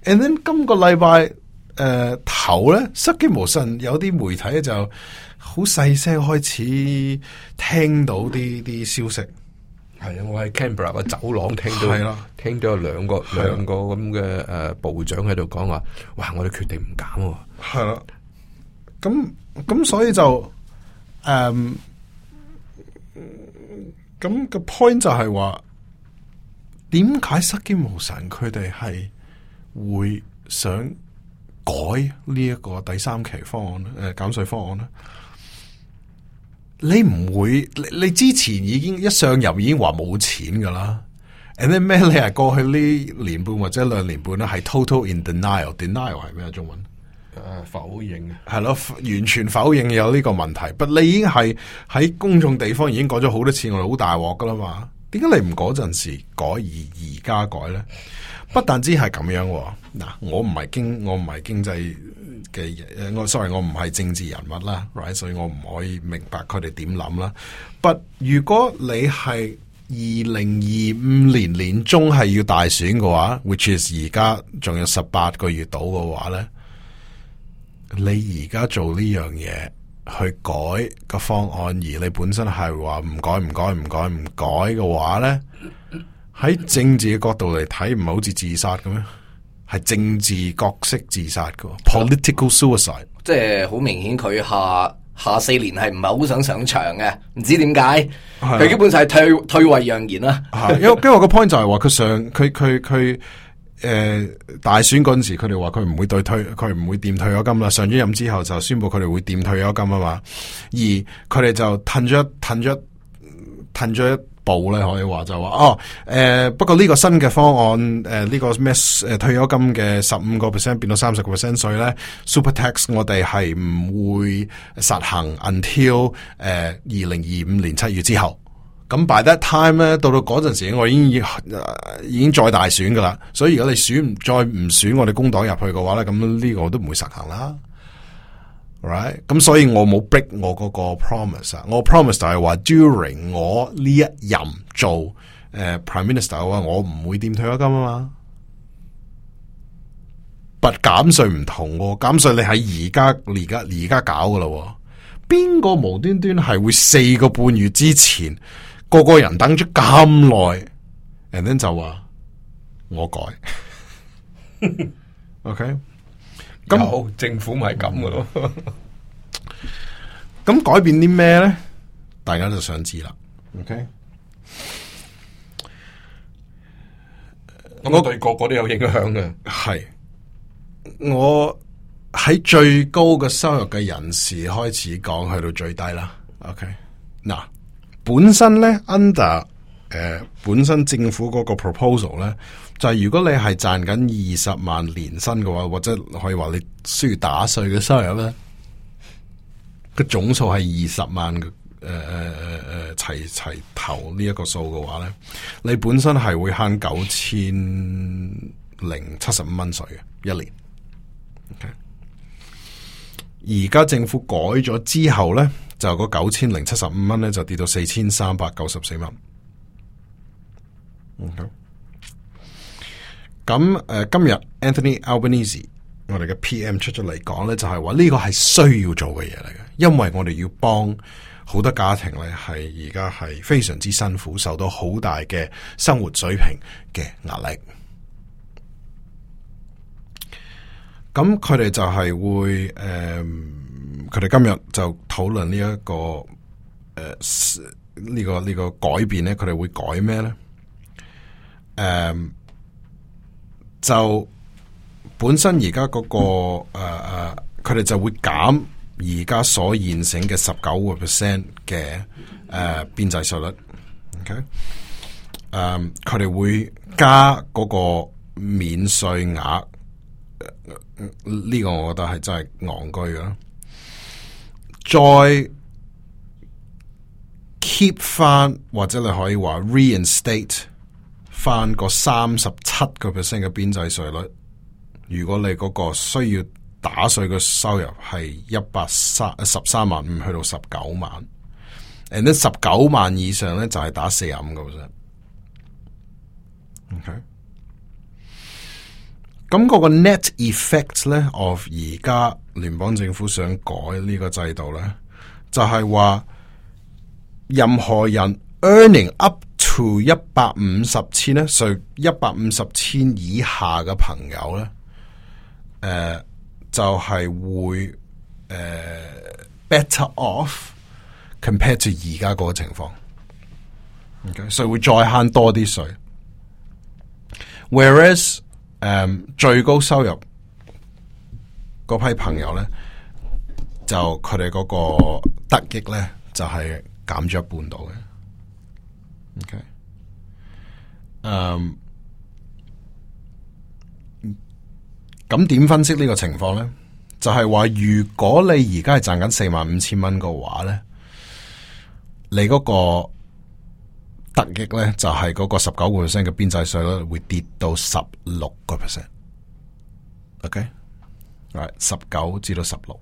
And then 今個禮拜，誒、呃、頭咧失驚無神，有啲媒體就好細聲開始聽到啲啲消息。係啊，我喺 Canberra 個走廊聽到， 的聽到有兩個兩的個咁嘅誒部長喺度講話。哇！我哋決定唔減喎！係啦，咁咁所以就誒。呃咁個 point 就係話點解失驚無神？佢哋係會想改呢一個第三期方案，誒、呃、減稅方案咧？你唔會？你你之前已經一上任已經話冇錢噶啦，and then，咩你係過去呢年半或者兩年半咧係 total in denial，denial 係啊咩中文？否認係咯、 嗯嗯，完全否認有呢個問題。但你已經係喺公眾地方已經改咗好多次，我好大鑊噶啦嘛？點解你唔嗰陣時改而而家改咧？不但只係咁樣。嗱，我唔係經我唔係經濟嘅，我 sorry，我唔係政治人物啦，right? 所以我唔可以明白佢哋點諗啦。不，如果你係二零二五年年中係要大選嘅話，which is 而家仲有十八個月到嘅話咧？你而家做呢樣嘢去改個方案，而你本身係話唔改唔改唔改唔改嘅話咧，喺政治嘅角度嚟睇，唔係好似自殺咁咩？係政治角色自殺嘅 political suicide、啊、即係好明顯佢下下四年係唔係好想上場嘅，唔知點解佢基本上係退退位讓賢啦、啊啊。因為因為我個 point 就係話佢上佢佢佢。誒，uh, 大選嗰陣時，佢哋話佢唔會對退，佢唔會掂退休金啦。上咗任之後就宣布佢哋會掂退休金啊嘛。而佢哋就褪咗、褪咗、褪咗一步咧，可以話就話哦。誒、uh,，不過呢個新嘅方案，誒、uh, 呢個咩誒退休金嘅十五個 percent 變到三十個 percent 稅咧，super tax 我哋係唔會實行，until 誒二零二五年七月之後。咁 by that time 咧，到到嗰陣時，我已經、呃、已經再大選噶啦，所以如果你選唔再唔選我哋工黨入去嘅話咧，咁呢個我都唔會實行啦。right，咁所以我冇逼我嗰個 promise，我 promise 就係話 during 我呢一任做誒、呃、prime minister 啊，我唔會掂退休金啊嘛。減稅不減稅唔同、哦，減稅你喺而家而家而家搞噶咯、哦，邊個無端端係會四個半月之前？個個人等咗咁耐，and then 就話我改，OK，咁政府咪咁嘅咯？咁 改變啲咩咧？大家都想知啦，OK。我我對個個都有影響嘅，係我喺最高嘅收入嘅人士開始講，去到最低啦，OK 嗱。 本身咧 under 誒、呃、本身政府嗰個 proposal 咧，就係、是、如果你係賺緊二十萬年薪嘅話，或者可以話，你需要打稅嘅收入咧，總個總數係二十萬嘅誒誒誒齊齊頭呢一個數嘅話咧，你本身係會慳九千零七十五蚊稅嘅一年。Okay. 而家政府改咗之後呢，就個九千零七十五蚊呢，就跌到四千三百九十四蚊。咁 Okay.、呃，今日 Anthony Albanese 我哋嘅 PM 出咗嚟講呢，就係話呢個係需要做嘅嘢嚟嘅，因為我哋要幫好多家庭咧，係而家係非常之辛苦，受到好大嘅生活水平嘅壓力。咁佢哋就係會誒，佢、呃、哋今日就討論呢一個誒呢、呃這個呢、這個改變咧，佢哋會改咩咧？誒、呃，就本身而家嗰個誒誒，佢、呃、哋就會減而家所現成嘅十九個 percent 嘅誒邊際稅率，率。O K，誒，佢哋會加嗰個免稅額。呢個我覺得係真係戇居啦。再 keep 翻或者你可以話 reinstate 翻個三十七個 percent 嘅邊際稅率。如果你嗰個需要打稅嘅收入係一百三十三萬五去到十九萬，and 呢十九萬以上呢，就係打四十五個 percent。Okay。咁嗰個 net effect 咧，of 而家聯邦政府想改呢個制度咧，就係、是、話任何人 earning up to 一百五十千咧，稅一百五十千以下嘅朋友咧，誒、呃、就係、是、會誒、呃、better off compared to 而家嗰個情況，okay? 所以會再慳多啲稅。Whereas 誒，um, 最高收入嗰批朋友咧，就佢哋嗰個得益咧，就係減咗一半度嘅。OK，誒，咁點分析呢個情況咧？就係話，如果你而家係賺緊四萬五千蚊嘅話咧，你嗰個。得益咧就係、是、嗰個十九個 percent 嘅邊際稅咧會跌到十六個 percent，ok，係十九至到十六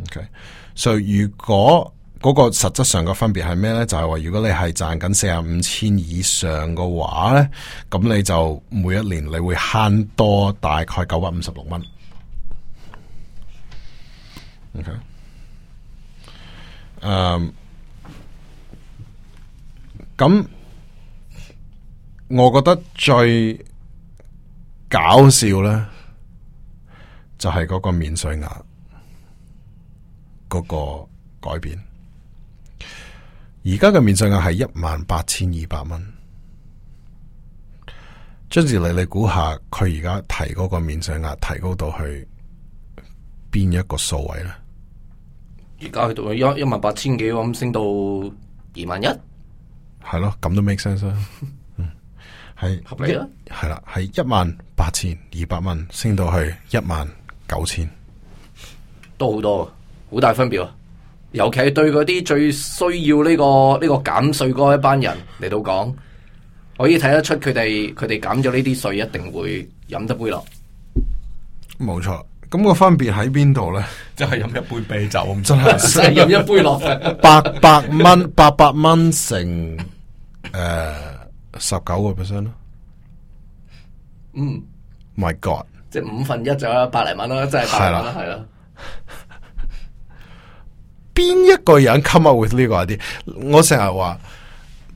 ，ok，所、so，以如果嗰個實質上嘅分別係咩咧就係、是、話如果你係賺緊四萬五千以上嘅話咧，咁你就每一年你會慳多大概九百五十六蚊，ok，誒，咁。我覺得最搞笑咧，就係嗰個免稅額嗰個改變。而家嘅免稅額係一萬八千二百蚊，張志你，你估下，佢而家提嗰個免稅額提高到去邊一個數位咧？而家去到一一萬八千幾咁，升到二萬一，係咯，咁都 make sense 啊。係是合理係啦，係一萬八千二百蚊升到去一萬九千，都好多，多，好大分別啊！尤其係對嗰啲最需要呢、呢個呢、呢個減稅嗰一班人嚟到講，可以睇得出佢哋佢哋減咗呢啲稅，一定會飲得杯落。冇錯，咁、咁個分別喺邊度呢？ 就係飲一杯啤酒，唔真係飲一杯落，八百蚊，八百蚊成。誒、呃。十九個 percent 咯，嗯、mm，My God，即係五分一就百零蚊啦，真係係啦係啦，邊一個人 come up with 呢個啲？我成日話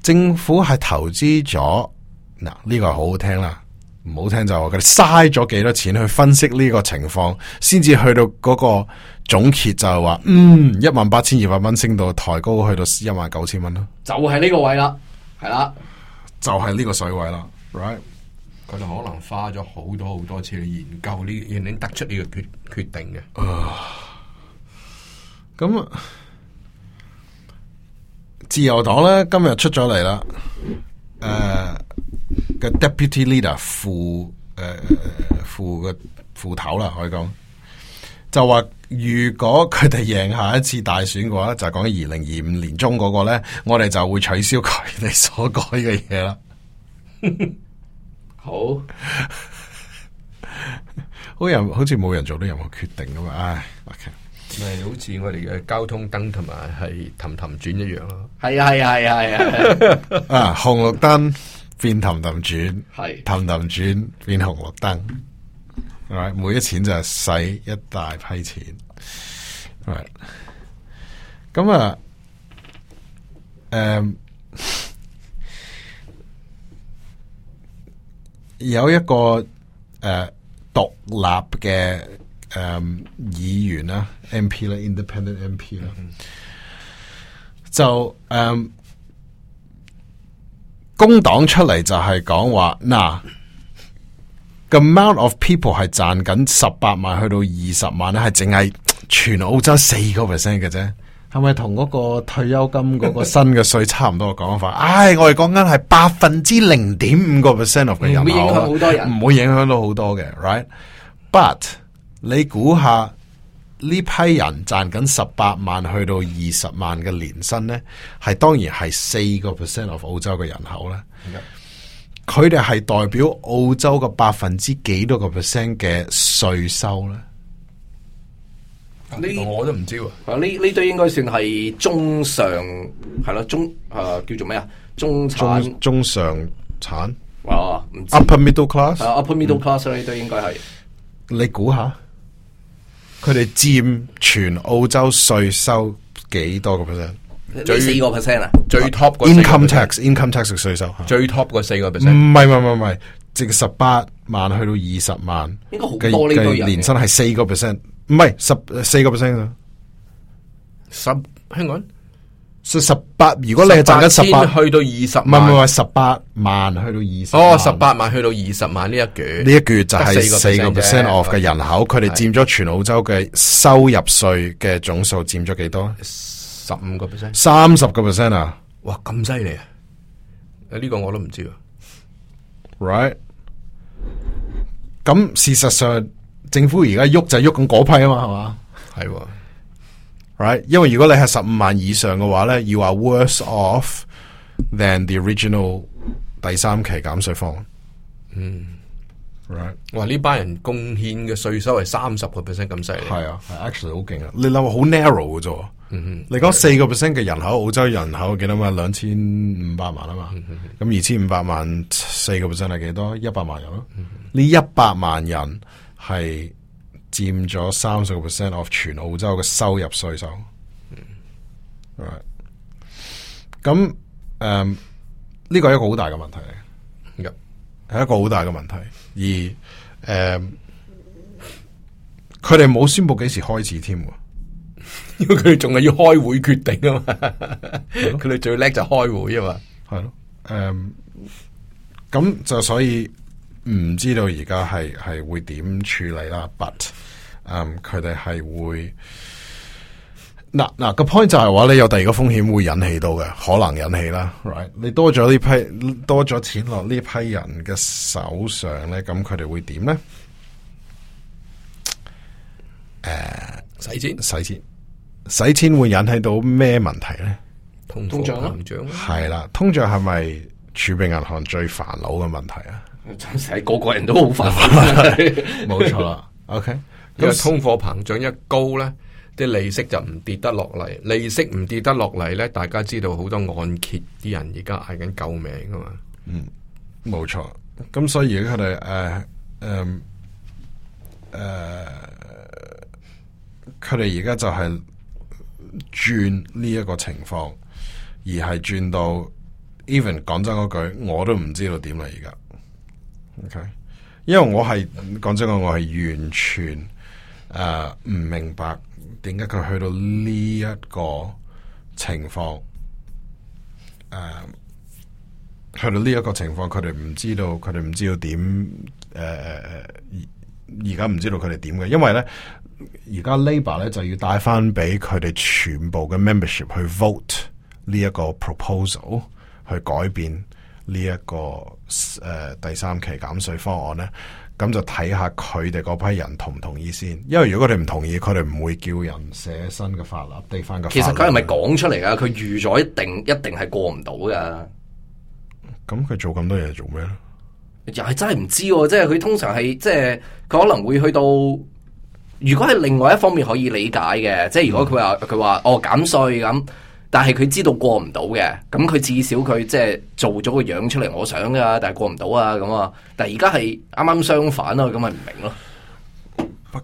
政府係投資咗，嗱呢個係好好聽啦，唔好聽就話佢嘥咗幾多錢去分析呢個情況，先至去到嗰個總結就係話，嗯，一萬八千二百蚊升到抬高去到一萬九千蚊咯，就係呢個位啦，係啦。就係呢個水位啦，right？佢哋可能花咗好多好多次去研究、這個個定 uh, 呢，先得出呢個決決定嘅。咁自由黨咧今日出咗嚟啦，誒嘅 Deputy Leader 副誒、uh, 副嘅副頭啦，可以講就話。如果佢哋贏下一次大選嘅話，就講二零二五年中嗰個呢，我哋就會取消佢哋所改嘅嘢啦。好，好似冇人做到任何決定咁嘛，OK，咪好似我哋嘅交通燈同埋係氹氹轉一樣咯。係啊係啊係啊係啊！啊紅綠燈變氹氹轉，係氹氹轉變紅綠燈。Right, 每一錢就係使一大批錢。咁、right. 啊、嗯，誒、嗯，有一個誒獨、呃、立嘅誒、嗯、議員啦，M P 啦，Independent M P 啦，嗯、黨就誒工黨出嚟就係講話嗱。個 amount of people 係賺緊十八萬去到二十萬咧，係淨係全澳洲四個 percent 嘅啫。係咪同嗰個退休金嗰個 新嘅稅差唔多嘅講法？唉、哎， 我哋講緊係百分之零點五個 percent 嘅人口，唔會影響好多人，唔會影響到好多嘅。Right？But 你估下呢批人賺緊十八萬去到二十萬嘅年薪咧，係當然係四個 percent of 澳洲嘅人口啦。Yep. 佢哋係代表澳洲嘅百分之幾多個 percent 嘅稅收咧？呢我都唔知喎。啊，呢呢堆應該算係中上，係咯中誒叫做咩啊？中、呃、中產中，中上產啊，唔知啊，啊？Upper middle class、啊、upper middle class 呢堆、嗯、應該係你估下，佢哋佔全澳洲稅收幾多個 percent？最四個 percent 最 top 個 income tax，income tax 稅收最 top 個四個 percent，唔係唔係唔係，值十八萬去到二十萬，應該好多呢個人，年薪係四個 percent，唔係十四個 percent 啊，十香港十八，如果你係賺緊十八去到二十萬，唔唔係十八萬去到二十，哦十八萬去到二十萬呢一句，呢一句就係四個 percent of 嘅人口，佢哋佔咗全澳洲嘅收入稅嘅總數佔咗幾多？十五個 percent，三十個 percent 啊！哇，咁犀利啊！呢個我都唔知啊，right？咁事實上，政府而家喐就喐緊嗰批啊嘛，係嘛？ 係，right？因為如果你係十五萬以上嘅話咧 you are worse off than the original 第三期減稅方案。嗯，right？哇，呢班人貢獻嘅稅收係三十個 percent 咁犀利，係啊，係 actually 好勁啊！你諗下，好 narrow 嘅啫。Mm hmm. 你講四個 percent 嘅人口，澳洲人口幾多嘛？兩、mm hmm. 千五百萬啊嘛，咁二千五百萬四個 percent 係幾多？一百萬人咯，呢一百萬人係佔咗三十個 percent of 全澳洲嘅收入稅收，咁誒、mm，呢、hmm. right. um, 個係一個好大嘅問題嚟嘅，係 Yep. 一個好大嘅問題。而誒，佢哋冇宣布幾時開始添。因為佢哋仲係要開會決定啊嘛的，佢哋 最叻就開會啊嘛，係、嗯、咯，誒，咁就所以唔知道而家係係會點處理啦，but，佢哋係會，嗱嗱個 point 就係話咧，你有第二個風險會引起到嘅，可能引起啦，right？你多咗呢批多咗錢落呢批人嘅手上咧，咁佢哋會點咧？誒、啊，洗錢，洗錢。使錢會引起到咩問題咧？通脹啊，係啦，通脹係咪儲備銀行最煩惱嘅問題啊？真係個個人都好煩惱，冇錯。O K，因為通貨膨脹一高咧，啲利息就唔跌得落嚟，利息唔跌得落嚟咧，大家知道好多按揭啲人而家係緊救命噶嘛。嗯，冇錯。咁所以而家佢哋誒，嗯、呃，誒、呃，佢哋而家就係、是。轉呢一個情況，而係轉到 even 講真嗰句，我都唔知道點啦而家。OK，因為我係講 真我，我係完全誒唔、呃、明白點解佢去到呢一個情況誒、呃、去到呢一個情況，佢哋唔知道，佢哋唔知道點誒而而家唔知道佢哋點嘅，因為咧。而家 Labour 咧就要帶翻俾佢哋全部嘅 membership 去 vote 呢一個 proposal 去改變呢、這、一個誒、呃、第三期減稅方案咧，咁就睇下佢哋嗰批人同唔同意先。因為如果佢哋唔同意，佢哋唔會叫人寫新嘅法律 define 個。其實佢係咪講出嚟啊？佢預咗一定一定係過唔到噶。咁佢做咁多嘢做咩咧？又係真係唔知，即係佢通常係即係佢可能會去到。如果係另外一方面可以理解嘅，即係如果佢話佢話哦減稅咁，但係佢知道過唔到嘅，咁佢至少佢即係做咗個樣出嚟，我想噶，但係過唔到啊咁啊，但係而家係啱啱相反咯，咁咪唔明咯。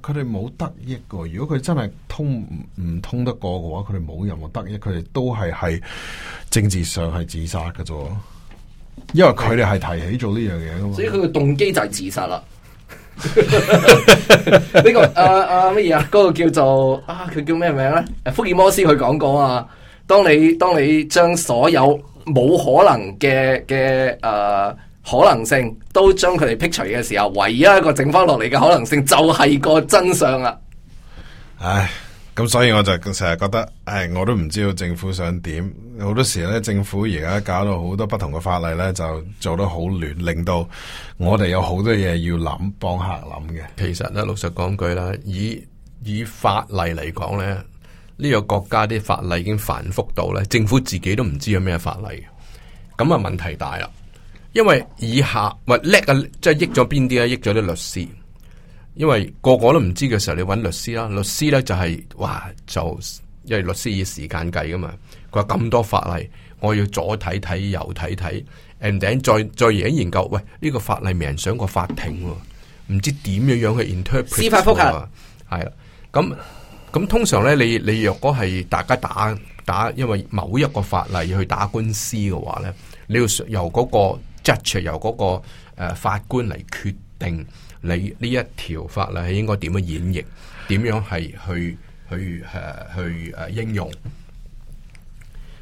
佢哋冇得益噶，如果佢真係通唔通得過嘅話，佢哋冇任何得益，佢哋都係係政治上係自殺嘅啫。因為佢哋係提起咗呢樣嘢噶嘛，嗯、所以佢嘅動機就係自殺啦。呢、 個啊，阿乜嘢啊？嗰、啊個叫做啊，佢叫咩名呢？福爾摩斯佢講過啊，當你當你將所有冇可能嘅嘅誒可能性，都將佢哋剔除嘅時候，唯一一個整翻落嚟嘅可能性，就係個真相啊！唉。咁所以我就成日覺得，誒，我都唔知道政府想點。好多時咧，政府而家搞到好多不同嘅法例咧，就做得好亂，令到我哋有好多嘢要諗，幫客諗嘅。其實咧，老實講句啦，以以法例嚟講咧，呢個國家啲法例已經繁複到咧，政府自己都唔知有咩法例嘅。咁啊，問題大啦。因為以下喂叻啊，即係益咗邊啲啊？益咗啲律師。因為個個都唔知嘅時候，你揾律師啦，律師呢就係話就因為律師以時間計噶嘛。佢話咁多法例，我要左睇睇，右睇睇，and then，再再研究。喂，呢個法例未人上過法庭喎，唔知點樣樣去 interpret 司法覆核啊係啦，咁咁通常呢，你你若果係大家打打，因為某一個法例要去打官司嘅話呢，你要由嗰個 judge，由嗰個誒法官嚟決定。你呢一條法律係應該點樣演繹？點樣係去去誒、啊、去誒、啊、應用？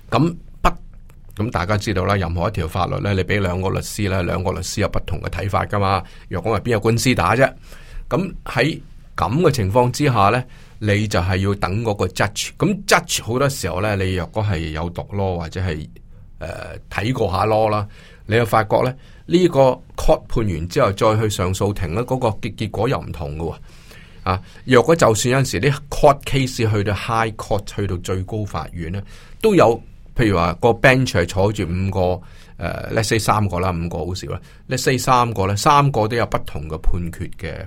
咁不咁大家知道啦，任何一條法律呢，你俾兩個律師呢，兩個律師有不同嘅睇法噶嘛？若果係邊有官司打啫？咁喺咁嘅情況之下呢，你就係要等嗰個 judge。咁 judge 好多時候呢，你若果係有讀咯，或者係誒睇過下咯啦。你又發覺咧，呢個 court 判完之後，再去上訴庭咧，嗰個結結果又唔同嘅喎。啊，若果就算有陣時啲 court case 去到 high court，去到最高法院咧，都有譬如話個 bench 係坐住五個，誒，let's say 三個啦，五個好少啦，let's say 三個咧，三個都有不同嘅判決嘅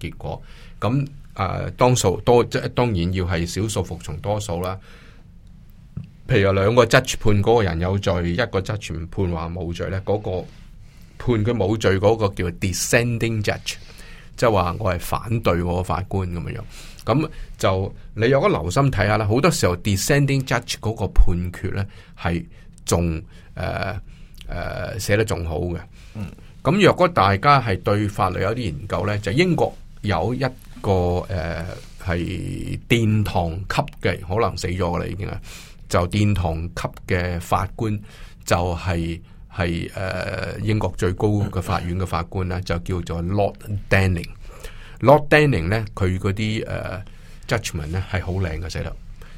誒結果。咁誒，當數多即係當然要係少數服從多數啦。譬如兩個 judge 判嗰個人有罪，一個 judge 判話冇罪咧，嗰、那個判佢冇罪嗰個叫 descending judge，即係話我係反對我法官咁樣，咁就你有個留心睇下啦，好多時候 descending judge 嗰個判決咧係仲誒誒寫得仲好嘅，嗯，咁若果大家係對法律有啲研究咧，就英國有一個誒係、呃、殿堂級嘅，可能死咗噶啦已經啊。就殿堂級嘅法官、就是，就係係誒英國最高嘅法院嘅法官咧，就叫做 Lord Denning。Lord Denning 咧，佢嗰啲誒 judgement 咧係好靚嘅，寫得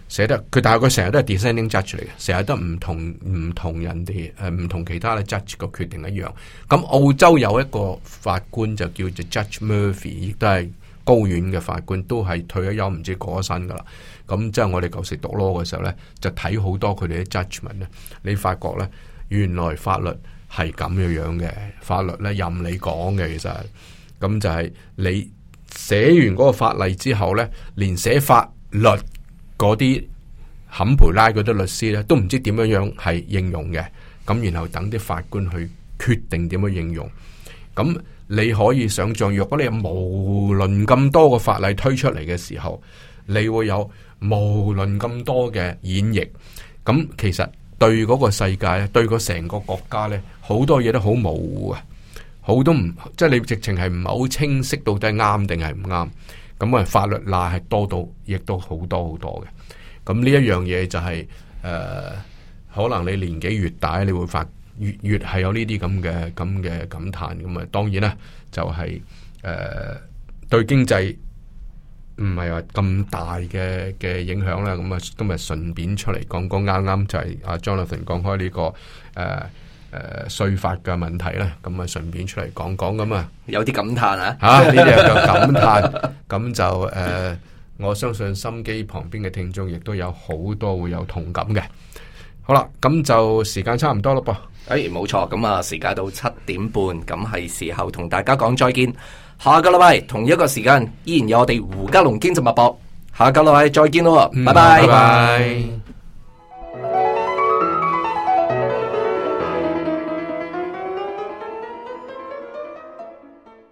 寫得。佢但係佢成日都係 dissenting judge 嚟嘅，成日都唔同唔同人哋誒唔同其他嘅 judge 個決定一樣。咁澳洲有一個法官就叫做 Judge Murphy，亦都係高院嘅法官，都係退咗休唔知過咗身噶啦。咁即係我哋舊時讀 law 嘅時候呢，就睇好多佢哋嘅 judgment 啊。你發覺呢，原來法律係咁樣樣嘅，法律呢，任你講嘅，其實咁就係你寫完嗰個法例之後呢，連寫法律嗰啲坎培拉嗰啲律師呢，都唔知點樣樣係應用嘅。咁然後等啲法官去決定點樣應用。咁你可以想象，如果你無論咁多個法例推出嚟嘅時候，你會有。無論咁多嘅演繹，咁其實對嗰個世界咧，對嗰成個國家咧，好多嘢都好模糊啊！好多唔即係你直情係唔係好清晰到底係啱定係唔啱，咁啊法律罅係多到，亦都好多好多嘅。咁呢一樣嘢就係、是、誒、呃，可能你年紀越大，你會發越越係有呢啲咁嘅咁嘅感嘆。咁啊，當然啦，就係、是、誒、呃、對經濟。唔係話咁大嘅嘅影響啦，咁啊今日順便出嚟講講，啱啱就係阿 Jonathan 講開呢個誒誒稅法嘅問題啦，咁啊順便出嚟講講咁啊，有啲、啊、感嘆啊吓，呢啲係個感嘆，咁就誒我相信心機旁邊嘅聽眾亦都有好多會有同感嘅。好啦，咁就時間差唔多咯噃，哎，冇錯，咁啊時間到七點半，咁係時候同大家講再見。下個禮拜同一個時間依然有我哋胡嘉龍經濟脈搏，下個禮拜再見咯，嗯、拜拜。拜拜